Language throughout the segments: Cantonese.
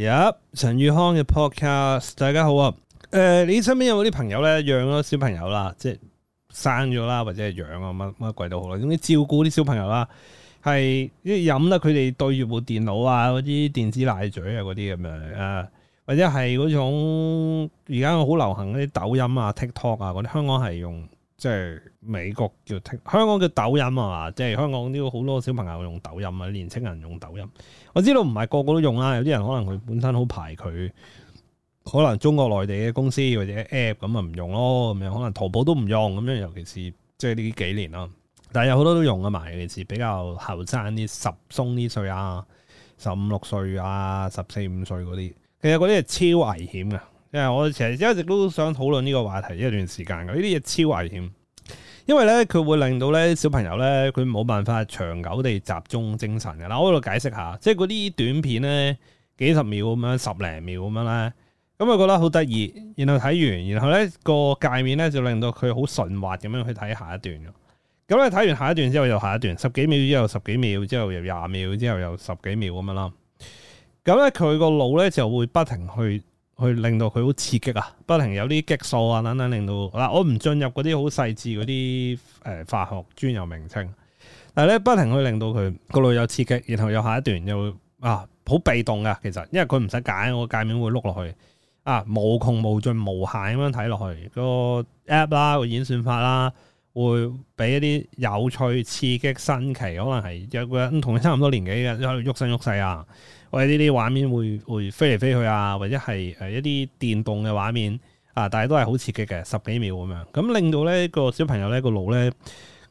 入、yep, 陳宇康嘅 podcast，大家好啊！誒、呃，你身邊有冇啲朋友咧養咗小朋友啦，即係生咗啦，或者係養啊乜乜鬼都好啦，總之照顧啲小朋友啦，係啲飲啦，佢哋對住部電腦啊，嗰啲電子奶嘴啊嗰啲咁樣啊，或者係嗰種而家好流行嗰啲抖音啊、TikTok 啊嗰啲，香港係用。即係美國叫 TikTok，香港叫抖音啊嘛！即係香港呢個好多小朋友用抖音啊，年青人用抖音。我知道唔係個個都用啦，有啲人可能佢本身好排佢，可能中國內地嘅公司或者 App 咁啊唔用咯。咁樣可能淘寶都唔用咁樣，尤其是即係呢幾年咯。但係有好多都用嘅嘛，尤其是比較後生啲、十鬆啲歲啊、十五六歲啊、十四五歲嗰啲。其實嗰啲係超危險嘅。因為我成日一直都想討論呢個話題一段時間嘅，呢啲嘢超危險，因為咧佢會令到咧小朋友咧佢冇辦法長久地集中精神嘅。嗱，我喺度解釋下，即係嗰啲短片咧，幾十秒咁樣，十零秒咁樣咧，咁佢覺得好得意，然後睇完，然後咧個界面咧就令到佢好順滑咁樣去睇下一段。咁咧睇完下一段之後又下一段，十幾秒之後十幾秒之後又廿秒之後又十幾秒咁樣啦。咁咧佢個腦咧就會不停去。去令到佢好刺激啊，不停有啲激素啊等等，令到嗱、啊、我唔進入嗰啲好細緻嗰啲誒化學專有名稱，但係咧不停去令到佢個腦有刺激，然後有下一段又啊好被動噶其實，因為佢唔使揀，我個介面會碌落去啊，無窮無盡無限咁樣睇落去、個 app 啦、個演算法啦，會俾一啲有趣、刺激、新奇，可能係有個人同佢差唔多年紀嘅，喺度喐身喐勢啊，或者呢啲畫面會會飛嚟飛去啊，或者係誒一啲電動嘅畫面啊，但係都係好刺激嘅，十幾秒咁樣，咁令到咧個小朋友咧個腦咧，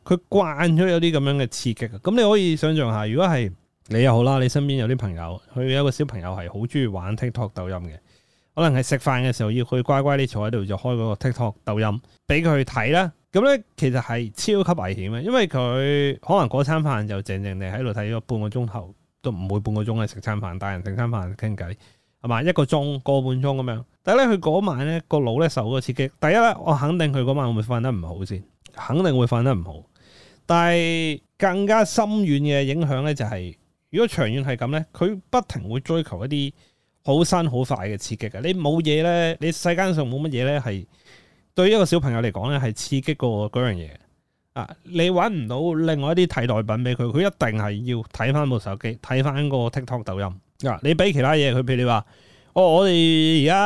佢慣咗有啲咁樣嘅刺激啊。咁你可以想象下，如果係你又好啦，你身邊有啲朋友，佢有一個小朋友係好中意玩 TikTok 抖音嘅，可能係食飯嘅時候要佢乖乖地坐喺度，就開嗰個 TikTok 抖音俾佢睇啦。咁咧，其實係超級危險嘅，因為佢可能嗰餐飯就靜靜地喺度睇咗半個鐘頭，都唔會半個鐘去食餐飯，大人食餐飯傾偈，係嘛一個鐘、個半鐘咁樣。但係咧，佢嗰晚咧個腦咧受咗刺激，第一咧，我肯定佢嗰晚會瞓得唔好先，肯定會瞓得唔好。但係更加深遠嘅影響咧，就是，就係如果長遠係咁咧，佢不停會追求一啲好新好快嘅刺激嘅。你冇嘢咧，你世間上冇乜嘢咧係。對於一個小朋友嚟講咧，係刺激過個嗰樣嘢啊！你搵唔到另外一啲替代品俾佢，佢一定係要睇翻部手機，睇翻個 TikTok 抖音啊！你俾其他嘢佢，譬如你話哦，我哋而家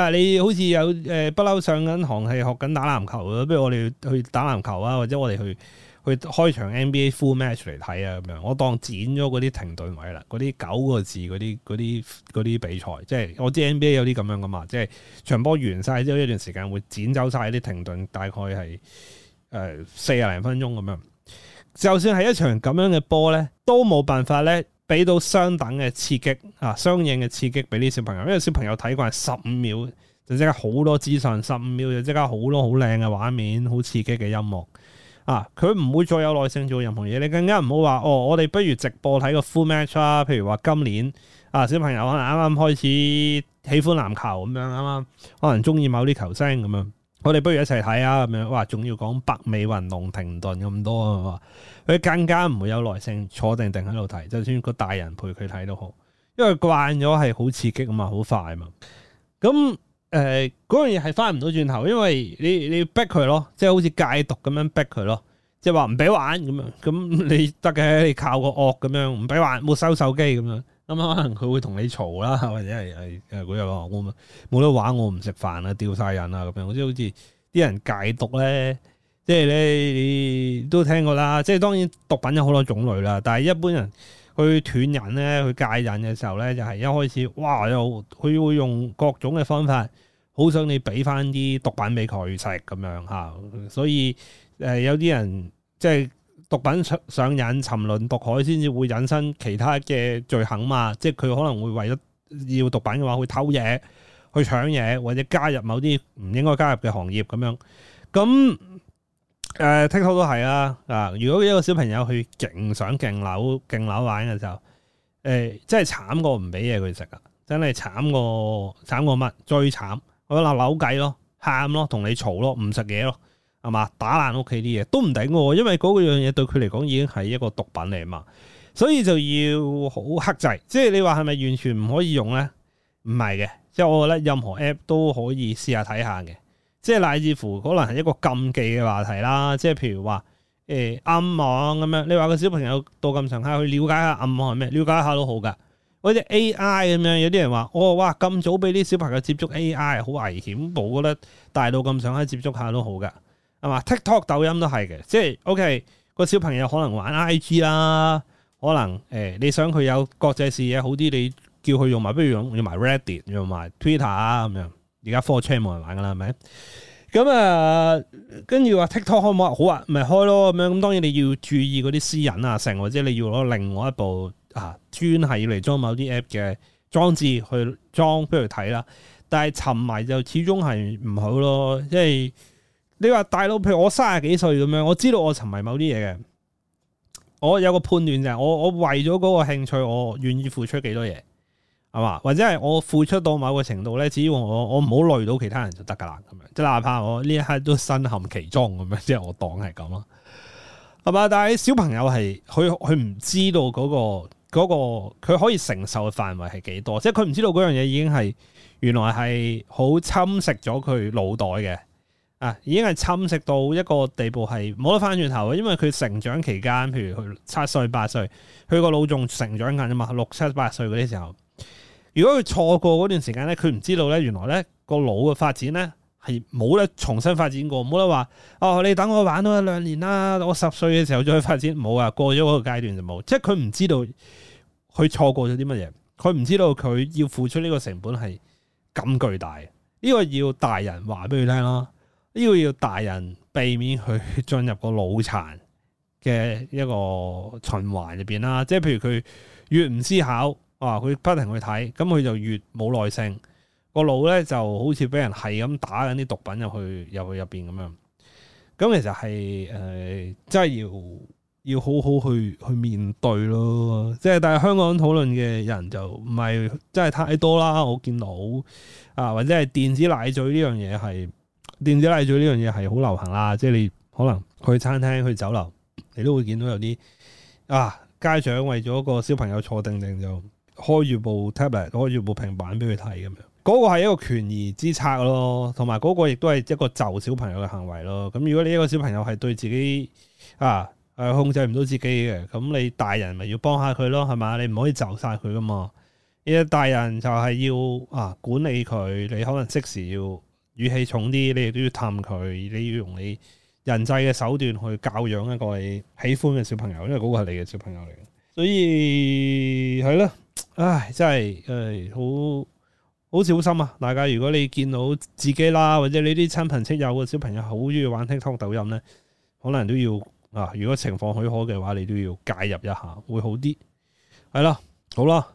啊，你好似有誒不嬲上緊行，係學緊打籃球咯，不如我哋去打籃球啊，或者我哋去。佢開場 NBA full match 嚟睇啊，咁樣我當剪咗嗰啲停頓位啦，嗰啲九個字嗰啲啲啲比賽，即係我知 NBA 有啲咁樣㗎嘛，即係場波完晒之後一段時間會剪走晒啲停頓，大概係誒四廿零分鐘咁樣。就算係一場咁樣嘅波咧，都冇辦法咧俾到相等嘅刺激啊，相應嘅刺激俾啲小朋友，因為小朋友睇慣十五秒就即刻好多資訊，十五秒就即刻好多好靚嘅畫面，好刺激嘅音樂。啊！佢唔會再有耐性做任何嘢。你更加唔好話哦，我哋不如直播睇個 full match 啦。譬如話今年啊，小朋友可能啱啱開始喜歡籃球咁樣，啱啱可能中意某啲球星咁樣、嗯。我哋不如一齊睇啊咁樣。哇！仲要講北美雲龍停頓咁多啊佢、嗯嗯、更加唔會有耐性坐定定喺度睇。就算個大人陪佢睇都好，因為慣咗係好刺激啊嘛，好快啊嘛。咁、嗯。誒，嗰、呃、樣嘢係翻唔到轉頭，因為你你要逼佢咯，即係好似戒毒咁樣逼佢咯，即係話唔俾玩咁樣，咁你得嘅？你靠個惡咁樣，唔俾玩，冇收手機咁樣，咁、嗯、可能佢會同你嘈啦，或者係誒佢話我冇得玩，我唔食飯啦，掉晒人啦咁樣，即係好似啲人戒毒咧，即係你，你，你都聽過啦，即係當然毒品有好多種類啦，但係一般人。佢斷人咧，佢戒人嘅時候咧，就係、是、一開始，哇！又佢會用各種嘅方法，好想你俾翻啲毒品俾佢食咁樣吓。所以誒、呃，有啲人即係毒品上上癮、沉淪毒海，先至會引申其他嘅罪行嘛。即係佢可能會為咗要毒品嘅話，會偷嘢、去搶嘢，或者加入某啲唔應該加入嘅行業咁樣。咁誒，TikTok 都係啦，啊！如果一個小朋友去勁想勁扭勁扭玩嘅時候，誒、呃，真係慘過唔俾嘢佢食啊！真係慘過慘過乜？最慘佢鬧扭計咯，喊咯，同你嘈咯，唔食嘢咯，係嘛？打爛屋企啲嘢都唔頂我，因為嗰個樣嘢對佢嚟講已經係一個毒品嚟嘛，所以就要好克制。即係你話係咪完全唔可以用咧？唔係嘅，即係我覺得任何 app 都可以試下睇下嘅。即係乃至乎可能係一個禁忌嘅話題啦，即係譬如話誒、欸、暗網咁樣，你話個小朋友到咁上下去了解下暗網係咩？了解下都好噶。或者 AI 咁樣，有啲人話，哦，哇咁早俾啲小朋友接觸 AI 好危險，我覺得大到咁上下接觸下都好噶，係嘛？TikTok、抖音都係嘅，即係 OK。個小朋友可能玩 IG 啦，可能誒、欸、你想佢有國際視野好啲，你叫佢用埋，不如用用埋 Reddit，用埋 Twitter 啊咁樣。而家 4chan 冇人玩㗎喇，係咪？咁、嗯、啊，跟住話 TikTok 開唔開？好啊，咪開咯咁樣。咁當然你要注意嗰啲私隱啊，成或者你要攞另外一部啊，專係要嚟裝某啲 app 嘅裝置去裝，不如睇啦。但係沉迷就始終係唔好咯，因、就、為、是、你話大佬，譬如我三十幾歲咁樣，我知道我沉迷某啲嘢嘅，我有個判斷就係我我為咗嗰個興趣，我願意付出幾多嘢。係嘛？或者係我付出到某個程度咧，只要我我唔好累到其他人就得噶啦。咁樣即係哪怕我呢一刻都身陷其中咁樣，即係我當係咁咯。係嘛？但係小朋友係佢佢唔知道嗰、嗰個、嗰個佢可以承受嘅範圍係幾多？即係佢唔知道嗰樣嘢已經係原來係好侵蝕咗佢腦袋嘅啊！已經係侵蝕到一個地步係冇得翻轉頭嘅，因為佢成長期間，譬如佢七歲八歲，佢個腦仲成長緊啊嘛，六七八歲嗰啲時候。如果佢錯過嗰段時間咧，佢唔知道咧，原來咧個腦嘅發展咧係冇得重新發展過，冇得話哦，你等我玩多兩年啦，啊，我十歲嘅時候再發展冇啊，過咗嗰個階段就冇，即係佢唔知道佢錯過咗啲乜嘢，佢唔知道佢要付出呢個成本係咁巨大，呢、這個要大人話俾佢聽咯，呢、這個要大人避免佢進入個腦殘嘅一個循環入邊啦，即係譬如佢越唔思考。啊！佢不停去睇，咁佢就越冇耐性，那個腦咧就好似俾人係咁打緊啲毒品入去入去入邊咁樣。咁其實係誒、呃，真係要要好好去去面對咯。即係但係香港討論嘅人就唔係真係太多啦。我見到啊，或者係電子奶嘴呢樣嘢係電子奶嘴呢樣嘢係好流行啦。即係你可能去餐廳去酒樓，你都會見到有啲啊家長為咗個小朋友坐定定就。開住部 tablet，開住部平板俾佢睇咁樣，嗰個係一個權宜之策咯，同埋嗰個亦都係一個就小朋友嘅行為咯。咁如果你一個小朋友係對自己啊，誒、呃、控制唔到自己嘅，咁你大人咪要幫下佢咯，係嘛？你唔可以就晒佢噶嘛。呢大人就係要啊管理佢，你可能即時要語氣重啲，你亦都要氹佢，你要用你人際嘅手段去教養一個你喜歡嘅小朋友，因為嗰個係你嘅小朋友嚟嘅。所以係啦，唉，真係誒，好好小心啊！大家如果你見到自己啦，或者你啲親朋戚友嘅小朋友好中意玩 TikTok、抖音咧，可能都要啊，如果情況許可嘅話，你都要介入一下，會好啲。係啦，好啦，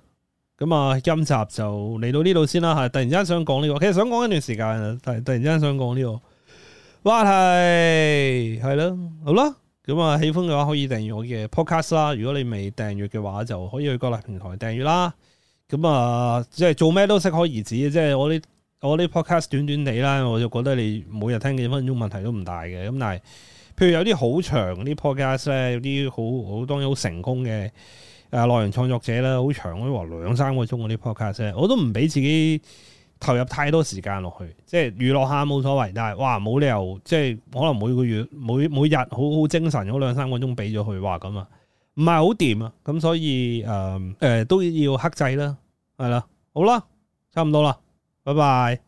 咁啊，今集就嚟到呢度先啦吓。突然之間想講呢個，其實想講一段時間啊，但係突然之間想講呢個話題，係啦，好啦。咁啊，喜歡嘅話可以訂閱我嘅 podcast 啦。如果你未訂閱嘅話，就可以去各大平台訂閱啦。咁、嗯、啊、呃，即係做咩都適可而止。即係我啲我啲 podcast 短短地啦，我就覺得你每日聽幾分鐘問題都唔大嘅。咁但係，譬如有啲好長啲 podcast 咧，有啲好好當然好成功嘅誒內容創作者啦，好長嗰啲話兩三個鐘嗰啲 podcast 咧，我都唔俾自己，投入太多時間落去，即係娛樂下冇所謂，但係哇冇理由，即係可能每個月每每日好好精神嗰兩三個鐘俾咗佢，話咁啊，唔係好掂啊，咁所以誒誒、呃呃呃、都要克制啦，係啦，好啦，差唔多啦，拜拜。